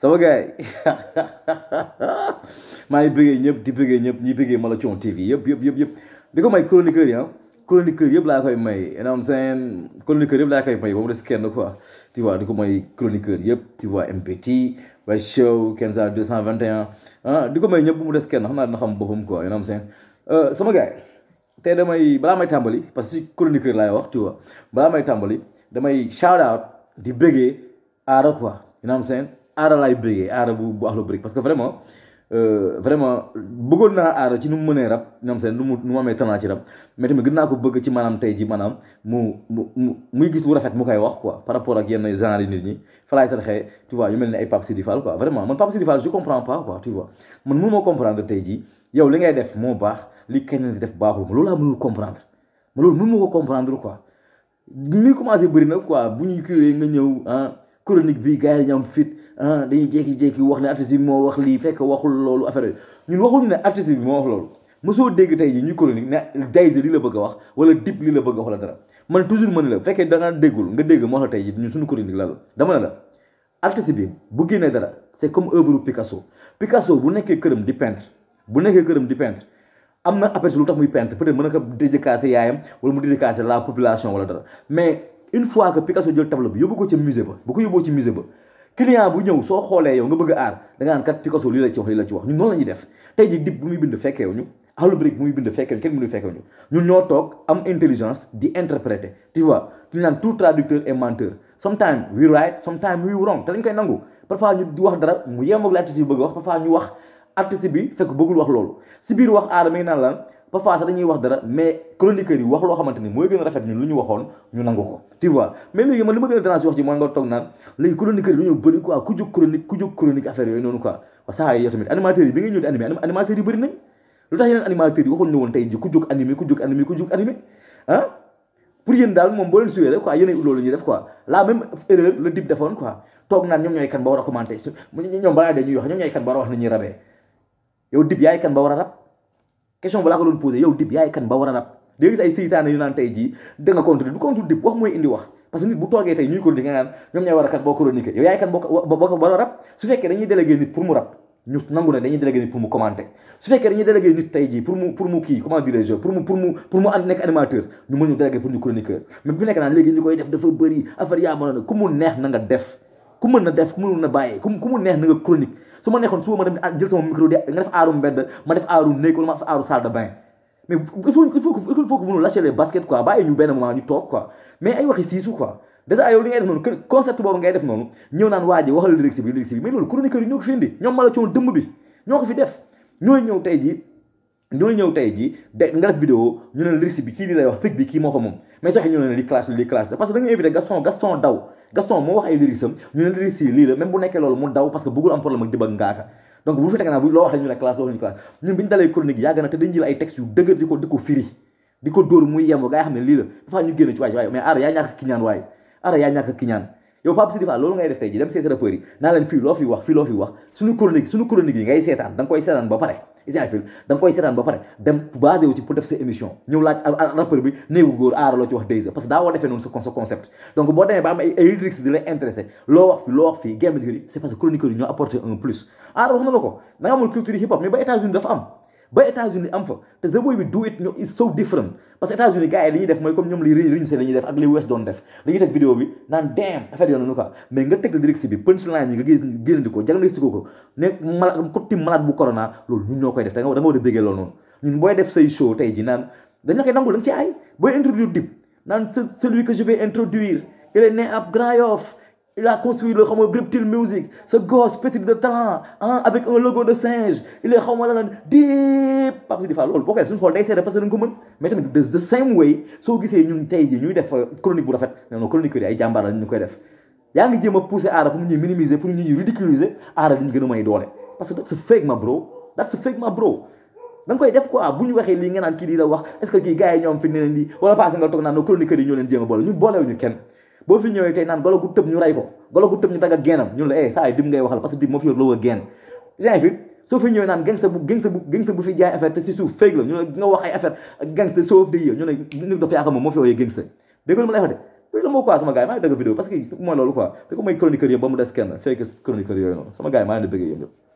sama gars yi maa ngi bëggee ñëpp di bëggee ñëpp ñi bëggee Malathion TV yëpp yëpp yëpp yëpp di ko may chroniqueur yi ah chroniqueur yëpp laa koy may you know what I'm saying chroniqueur yëpp laa koy may ba mu des kenn quoi tu vois di ko may chroniqueur yëpp tu vois MPT West Show Kenza 221 ah di ko may ñëpp bu mu des kenn xam naa dina xam boppam quoi you know what I'm saying ờ, sama gars yi tey damay balaa may tàmbali parce que chroniqueur laay wax tu vois balaa may tàmbali damay shout out di bëggee aara quoi you know what I'm saying aara laay bëggee aara bu bu Akhlou Brick parce que vraiment euh, bëggoon naa aara ci nu mu mënee rab ñoom seen nu mu amee talent ci rab mais tamit gën naa ko bëgg ci maanaam tey ji maanaam mu mu muy gis mu koy ma comprendre tey ji yow li ngay def moo baax li kenn di ko bu ñuy kiiwee nga ñëw ah, chronique bi gars yi ñu am fit ah dañuy jékki-jékki wax ne artiste bi moo wax lii fekk waxul loolu affaire yi ñun waxuñu ne artiste bi moo wax loolu mosoo dégg tey ji ñu chronique ne Dieyza li la bëgg a wax wala Dip li la bëgg a wax wala dara man toujours ma ne la fekkee da nga déggul nga dégg moo la tey jii ñun suñu chronique la la dama ne la artiste bi bu génnee dara c'est comme œuvre Picasso Picasso bu nekkee këram di peintre bu nekkee këram di peintre am na aperçu lu tax muy peintre peut-être mën na ko dédicacer mu dédicacer la population wala dara mais une fois que Picasso jël tableau bi yóbbu ko ci musée ba bu ko yóbboo ci musée ba client bu ñëw soo xoolee yow nga bëgg a aar da nga naan kat Picasso lii la ci wax lii la ci wax ñun noonu la def tey ji dib bu muy bind fekkeew ñu Houellebecq bu muy bind fekkeew kenn mënu fekkeew ñu ñoo toog am intelligence di interpréter tu vois ñu naan tout traducteur est menteur sometimes we right sometimes we wrong te dañ koy nangu parfois ñu di wax dara mu yemoog la a wax parfois ñu wax artiste bi fekk bëggul loolu si biir wax aar mi ngi naan parfois sax dañuy wax dara mais chroniqueurs yi wax loo xamante ni mooy gën a rafet ñun lu ñu waxoon ñu nangu ko tu vois mais ma gën a dérange wax ci toog naan ñoom ñooy kan ba war a commenté ñoom balaa dañuy wax ñoom ñooy kan ba war a wax ni ñuy rabee yow dip yaay kan ba war a rab question bu laa ko doon posé yow dib yaay kan ba war a rab day gis ay seytaane yu naan tey jii da nga contre du contre wax mooy indi wax parce que nit bu toogee tey ñuy chronique nit pour mu rab ñu nangu ne dañuy délégué nit pour mu commenter su fekkee dañuy délégué nit tey jii pour mu kii comment dirais je mu pour mu pour mu ñu mën ñu délégué chroniqueur mais bu nekk naan léegi ñu def dafa bëri affaire yaa mënoon ku neex na def ku su ma nekkoon suba ma dem jël sama micro di nga def aaru mbedd ma def aaru néeg wala ma def aaru salle de bain il faut que il faut que vous lâchez les baskets quoi ñu benn moment ñu toog quoi mais ay waxi siisu quoi déjà yow li ngay def concept boobu ngay def noonu ñëw naan waa ji waxal bi lyrics bi mais loolu chroniqueur yi ñoo fi indi ñoom ma la coon dëmb bi ñoo ko fi def ñooy ñëw tey jii ñoo ñëw tey jii de nga def vidéo ñu ne lirsi bi kii nii lay wax pic bi kii moo ko moom mais soo waxee ñu ne li clash lii la même bu nekkee loolu mu daw parce que bëggul am problème ak dëbëg ngaaka donc bu fekkee naa bu loo wax ñu ne clash loo wax ñu clash ñun bi ñu dalee chronique yàgg na te dañu jël ay textes yu dëgër di ko di ko firi di ko dóor muy yem ba xam ne lii la dafa ñu génn ci waaye mais aara yaa ñàkk ki ñaan waaye aara yaa yow Pape Sidy Fall loolu ngay def tey ji dem seet rappeurs yi naa leen fii loo fi wax fii loo fi wax suñu chronique suñu chronique yi ngay ba pare dem basé wu ci pour def sa émission ñëw laaj rappeur bi néegu góor aara loo ci wax deux parce que daa woo defee noonu sa concept donc boo demee ba am ay di la intéressé loo wax fi loo wax fii gémméjikër yi c'est parce que chroniqueurs yi plus aara wax na la ko da nga amul culture hip hop mais ba États-Unis ba États-Unis am fa te the way we do it is so different parce que États-Unis gars def mooy comme ñoom li riñse def ak li West doon def dañuy teg vidéo bi naan damn affaire yoon nu quoi mais nga teg la direct bi punchline yi nga gis di ko diagnostique ko ne malade ko tim malade bu corona loolu ñun ñoo def da nga da nga war a bëggee loolu def say show tey ji naan dañ la nangul da nga ci ay booy introduire dip naan celui que Il a construit le Griptil Music, ce gosse petit de talent, hein, avec un logo de singe. Il est deep. Parce qu'il Pourquoi c'est une fois de passer commun. Mais de the same way, so gisee ñun tey ñuy def euh, chronique bu rafet chronique ay Il y a def. pour minimiser pour ridiculiser parce que c'est fake ma bro that's fake ma bro. quoi la est ce que passé boo fi ñëwee tey naan golo gu tëb ñu rey ko golo gu tëb ñu dagg geenam ñun la eh saa yi dim ngay waxal parce que dim moo fi yor a geen gen fi soo fi ñëwee la ñu nga wax ay affaire gangster soof di yé ñu ne nit dafa yaakaar moom moo fi yooyee gangster dégg ma lay wax de loolu la moo quoi sama gars yi maa ngi dëgg parce que mooy loolu ko mooy chroniqueur yëpp ba yooyu noonu sama gars yi maa ngi bëgg yéen